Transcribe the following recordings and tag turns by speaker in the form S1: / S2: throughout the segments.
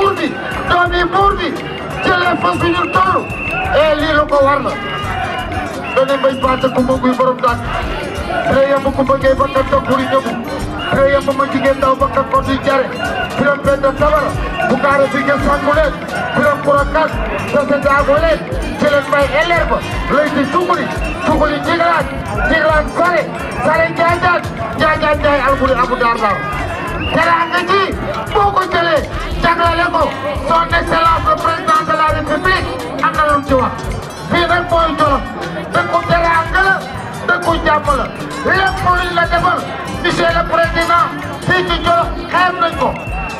S1: buur bi doom yi buur bi jëlee fa suñu toll e lii la ko war na dane mbay paata kumba guy borom daak re yemb kumba ngay bakkat ta buri ñëbu re yemb ma jigéen ndaw bakkat ko di jare biram benn tabara bu kaara fi ngeen sànku leen biram kura kas sase daago leen jëleen mbay eleer ba lay di tuguli tuguli jiglaan jiglaan sare sare njaajaan njaajaan njaay alburi abu daar daar teraanga jagleel ko son excellence le président de la république am na ci wax. fii nag mooy Jolof dëkku teraanga la dëkku jàmm la lépp luñ la defal monsieur le président fii ci Jolof xeeb nañ ko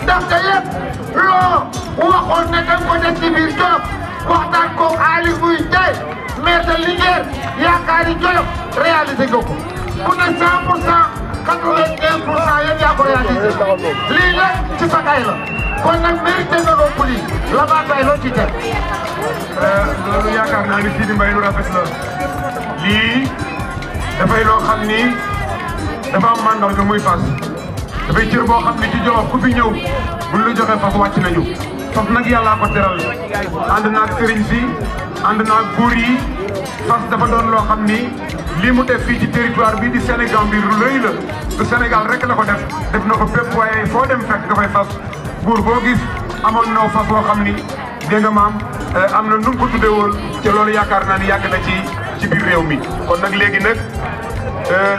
S1: ndaxte lépp loo waxoon ne da nga ko def ci biir Jolof waxtaan ko Aly Ngouille ne 100 pour 100 95 pour cent yéen yaa ko réalisé ci sa kay kon nag mérité na ko poli la maa bay loo euh,
S2: naa ni Sidi Mbaye rafet la lii dafay loo xam ni dafa am mandarga muy fas dafay cër boo xam ni ci Jolof ku ñëw buñ la joxee fas nañu. fas nag yàllaa ko teral ànd naag sëriñ si ànd naag buur dafa doon loo xam ni lii mu def fii ci bii di Sénégal bi lu rëy la du Sénégal rek la ko def def na ko fépp waaye foo dem fekk nga fay buur boo amoon na fas woo xam ni dégg nga maam eh, am na nu mu ko tuddee woon te loolu yaakaar naa ni yàgg na ci ci biir réew mi kon nag léegi nag. Eh,